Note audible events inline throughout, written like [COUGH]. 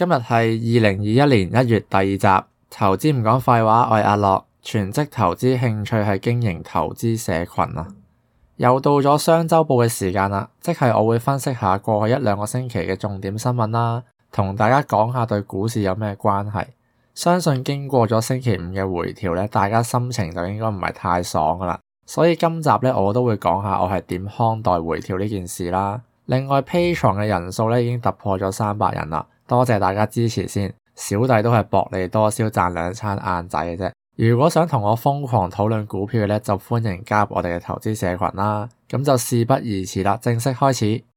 今日係二零二一年一月第二集，投資唔講廢話，我係阿樂，全職投資興趣係經營投資社群啊。又到咗雙周報嘅時間啦，即係我會分析下過去一兩個星期嘅重點新聞啦，同大家講下對股市有咩關係。相信經過咗星期五嘅回調咧，大家心情就應該唔係太爽噶啦。所以今集咧，我都會講下我係點看待回調呢件事啦。另外，Patreon 嘅人數咧已經突破咗三百人啦。多謝大家支持先，小弟都係薄利多銷賺兩餐晏仔嘅啫。如果想同我瘋狂討論股票咧，就歡迎加入我哋嘅投資社群啦。咁就事不宜遲啦，正式開始。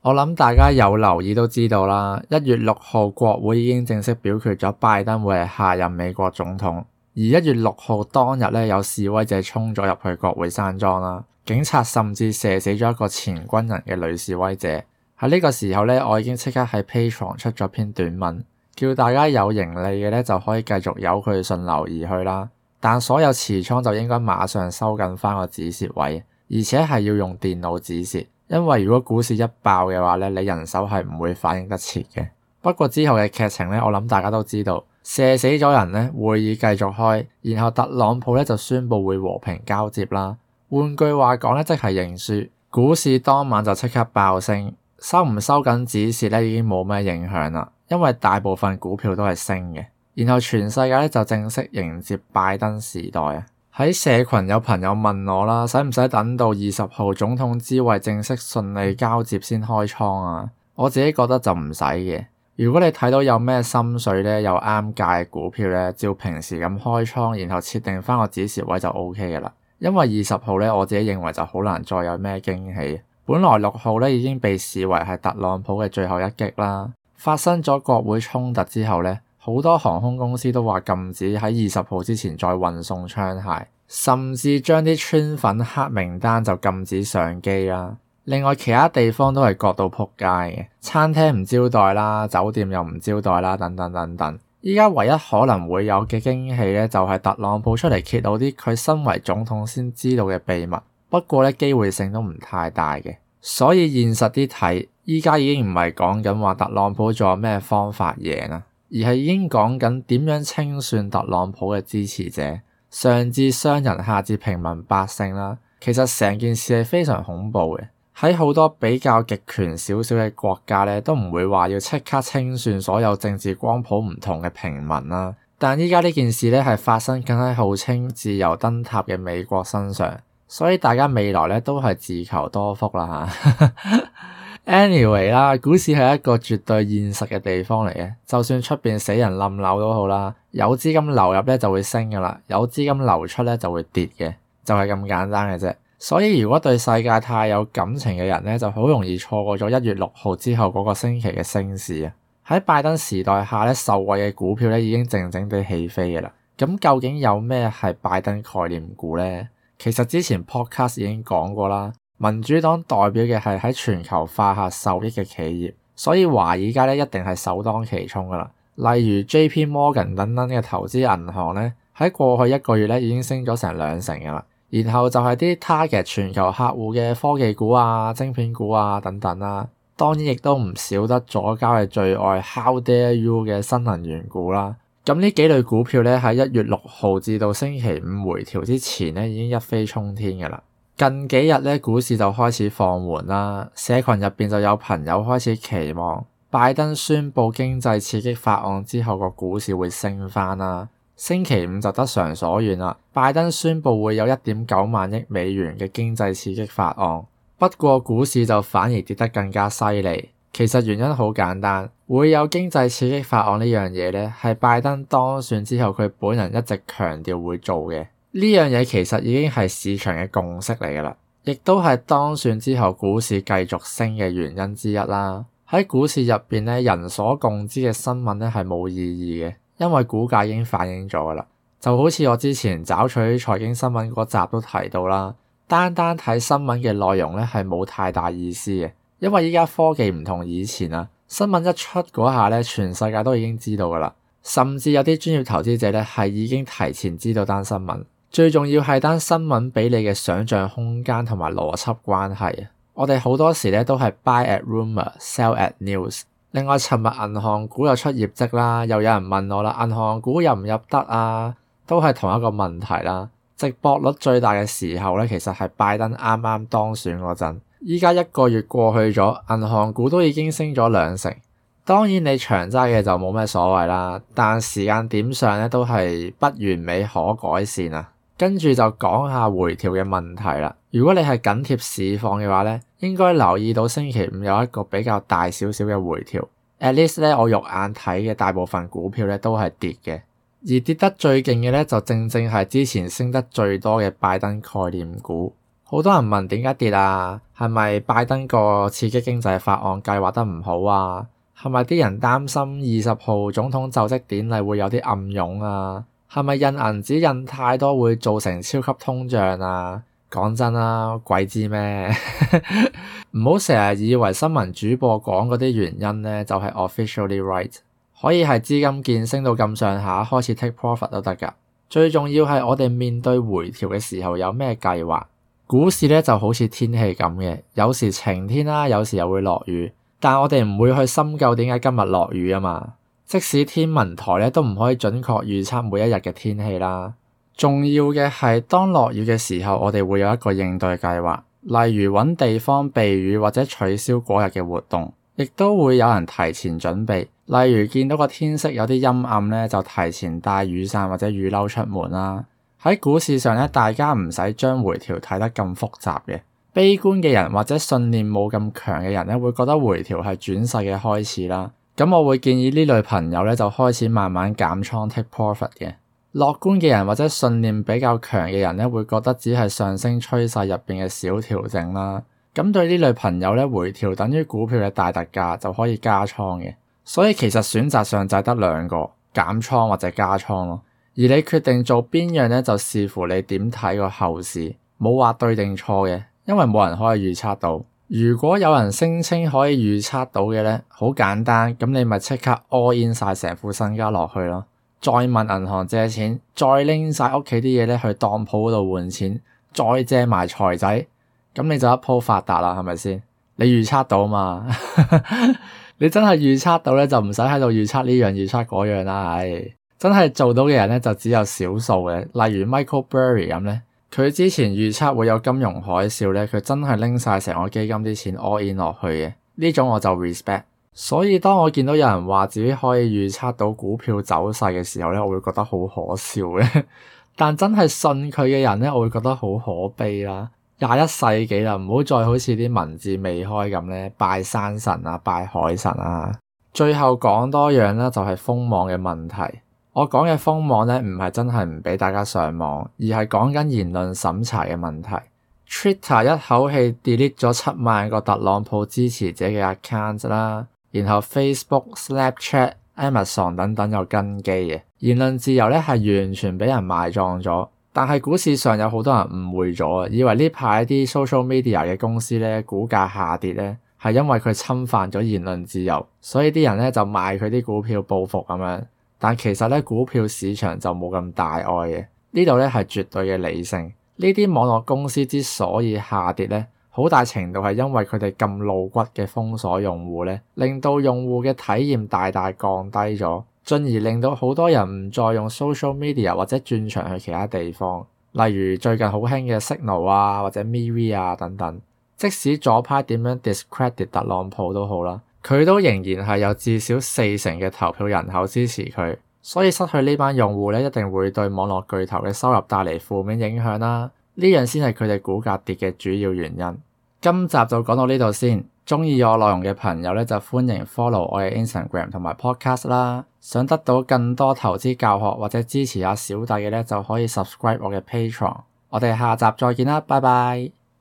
我諗大家有留意都知道啦，一月六號國會已經正式表決咗拜登會係下任美國總統。而一月六號當日咧，有示威者衝咗入去國會山莊啦，警察甚至射死咗一個前軍人嘅女示威者。喺呢個時候咧，我已經即刻喺 Patreon 出咗篇短文，叫大家有盈利嘅咧就可以繼續由佢順流而去啦。但所有持倉就應該馬上收緊翻個止蝕位，而且係要用電腦止蝕。因為如果股市一爆嘅話咧，你人手係唔會反應得切嘅。不過之後嘅劇情咧，我諗大家都知道，射死咗人咧，會議繼續開，然後特朗普咧就宣布會和平交接啦。換句話講咧，即係認輸，股市當晚就即刻爆升，收唔收緊指示咧已經冇咩影響啦，因為大部分股票都係升嘅。然後全世界咧就正式迎接拜登時代啊！喺社群有朋友問我啦，使唔使等到二十號總統之位正式順利交接先開倉啊？我自己覺得就唔使嘅。如果你睇到有咩心水咧，有啱界股票咧，照平時咁開倉，然後設定翻個指示位就 OK 噶啦。因為二十號咧，我自己認為就好難再有咩驚喜。本來六號咧已經被視為係特朗普嘅最後一擊啦。發生咗國會衝突之後咧。好多航空公司都話禁止喺二十號之前再運送槍械，甚至將啲川粉黑名單就禁止上機啦。另外，其他地方都係角度撲街嘅餐廳唔招待啦，酒店又唔招待啦，等等等等。依家唯一可能會有嘅驚喜咧，就係特朗普出嚟揭露啲佢身為總統先知道嘅秘密。不過咧，機會性都唔太大嘅，所以現實啲睇，依家已經唔係講緊話特朗普仲有咩方法贏啊。而係已經講緊點樣清算特朗普嘅支持者，上至商人，下至平民百姓啦。其實成件事係非常恐怖嘅。喺好多比較極權少少嘅國家咧，都唔會話要即刻清算所有政治光譜唔同嘅平民啦。但依家呢件事咧係發生緊喺號稱自由燈塔嘅美國身上，所以大家未來咧都係自求多福啦嚇。 [LAUGHS] Anyway 啦，股市係一個絕對現實嘅地方嚟嘅，就算出邊死人冧樓都好啦，有資金流入咧就會升噶啦，有資金流出咧就會跌嘅，就係咁簡單嘅啫。所以如果對世界太有感情嘅人咧，就好容易錯過咗一月六號之後嗰個星期嘅升市啊！喺拜登時代下咧，受惠嘅股票咧已經靜靜地起飛噶啦。咁究竟有咩係拜登概念股咧？其實之前 podcast 已經講過啦。民主黨代表嘅係喺全球化下受益嘅企業，所以華爾街咧一定係首當其衝噶啦。例如 J.P. Morgan 等等嘅投資銀行咧，喺過去一個月咧已經升咗成兩成噶啦。然後就係啲 target 全球客戶嘅科技股啊、晶片股啊等等啦。當然亦都唔少得左膠嘅最愛 How dare you 嘅新能源股啦。咁呢幾類股票咧喺一月六號至到星期五回調之前咧已經一飛沖天噶啦。近幾日呢，股市就開始放緩啦。社群入邊就有朋友開始期望拜登宣布經濟刺激法案之後個股市會升翻啦。星期五就得償所願啦，拜登宣布會有一點九萬億美元嘅經濟刺激法案，不過股市就反而跌得更加犀利。其實原因好簡單，會有經濟刺激法案呢樣嘢呢，係拜登當選之後佢本人一直強調會做嘅。呢樣嘢其實已經係市場嘅共識嚟㗎啦，亦都係當選之後股市繼續升嘅原因之一啦。喺股市入邊咧，人所共知嘅新聞咧係冇意義嘅，因為股價已經反映咗㗎啦。就好似我之前找取財經新聞嗰集都提到啦，單單睇新聞嘅內容咧係冇太大意思嘅，因為依家科技唔同以前啦，新聞一出嗰下咧，全世界都已經知道㗎啦，甚至有啲專業投資者咧係已經提前知道單新聞。.最重要係單新聞畀你嘅想象空間同埋邏輯關係。我哋好多時咧都係 buy at rumor，sell at news。另外，尋日銀行股又出業績啦，又有人問我啦，銀行股入唔入得啊？都係同一個問題啦。值博率最大嘅時候咧，其實係拜登啱啱當選嗰陣。依家一個月過去咗，銀行股都已經升咗兩成。當然你長揸嘅就冇咩所謂啦，但時間點上咧都係不完美，可改善啊。跟住就講下回調嘅問題啦。如果你係緊貼市況嘅話呢，應該留意到星期五有一個比較大少少嘅回調。At least 咧，我肉眼睇嘅大部分股票咧都係跌嘅，而跌得最勁嘅咧就正正係之前升得最多嘅拜登概念股。好多人問點解跌啊？係咪拜登個刺激經濟法案計劃得唔好啊？係咪啲人擔心二十號總統就職典禮會有啲暗湧啊？係咪印銀紙印太多會造成超級通脹啊？講真啊，鬼知咩？唔好成日以為新聞主播講嗰啲原因咧，就係 officially right。可以係資金建升到咁上下開始 take profit 都得噶。最重要係我哋面對回調嘅時候有咩計劃。股市咧就好似天氣咁嘅，有時晴天啦，有時又會落雨。但我哋唔會去深究點解今日落雨啊嘛。即使天文台咧都唔可以準確預測每一日嘅天氣啦。重要嘅係，當落雨嘅時候，我哋會有一個應對計劃，例如揾地方避雨或者取消嗰日嘅活動，亦都會有人提前準備，例如見到個天色有啲陰暗咧，就提前帶雨傘或者雨褸出門啦。喺股市上咧，大家唔使將回調睇得咁複雜嘅，悲觀嘅人或者信念冇咁強嘅人咧，會覺得回調係轉勢嘅開始啦。咁我會建議呢類朋友咧，就開始慢慢減倉 take profit 嘅。樂觀嘅人或者信念比較強嘅人咧，會覺得只係上升趨勢入邊嘅小調整啦。咁對呢類朋友咧，回調等於股票嘅大特價，就可以加倉嘅。所以其實選擇上就係得兩個，減倉或者加倉咯。而你決定做邊樣咧，就視乎你點睇個後市。冇話對定錯嘅，因為冇人可以預測到。如果有人聲稱可以預測到嘅咧，好簡單，咁你咪即刻 all in 晒成副身家落去咯，再問銀行借錢，再拎晒屋企啲嘢咧去當鋪度換錢，再借埋財仔，咁你就一鋪發達啦，係咪先？你預測到嘛？ [LAUGHS] 你真係預測到咧，就唔使喺度預測呢樣預測嗰樣啦，唉、哎，真係做到嘅人咧就只有少數嘅，例如 Michael Berry 咁咧。佢之前預測會有金融海嘯咧，佢真係拎晒成個基金啲錢 all in 落去嘅，呢種我就 respect。所以當我見到有人話自己可以預測到股票走勢嘅時候咧，我會覺得好可笑嘅。但真係信佢嘅人咧，我會覺得好可悲啦。廿一世紀啦，唔好再好似啲文字未開咁咧，拜山神啊，拜海神啊。最後講多樣啦，就係封網嘅問題。我講嘅封網咧，唔係真係唔俾大家上網，而係講緊言論審查嘅問題。Twitter 一口氣 delete 咗七萬個特朗普支持者嘅 accounts 啦，然後 Facebook、Snapchat、Amazon 等等有跟機嘅言論自由咧，係完全俾人埋葬咗。但係股市上有好多人誤會咗，以為呢排啲 social media 嘅公司咧，股價下跌咧，係因為佢侵犯咗言論自由，所以啲人咧就賣佢啲股票報復咁樣。但其實咧，股票市場就冇咁大愛嘅。呢度咧係絕對嘅理性。呢啲網絡公司之所以下跌咧，好大程度係因為佢哋咁露骨嘅封鎖用戶咧，令到用戶嘅體驗大大降低咗，進而令到好多人唔再用 social media 或者轉場去其他地方，例如最近好興嘅 Signal 啊，或者 MeWe 啊等等。即使左派點樣 discredit 特朗普都好啦。佢都仍然係有至少四成嘅投票人口支持佢，所以失去呢班用戶咧，一定會對網絡巨頭嘅收入帶嚟負面影響啦。呢樣先係佢哋股價跌嘅主要原因。今集就講到呢度先，中意我內容嘅朋友咧就歡迎 follow 我嘅 Instagram 同埋 Podcast 啦。想得到更多投資教學或者支持下小弟嘅咧，就可以 subscribe 我嘅 Patreon。我哋下集再見啦，拜拜。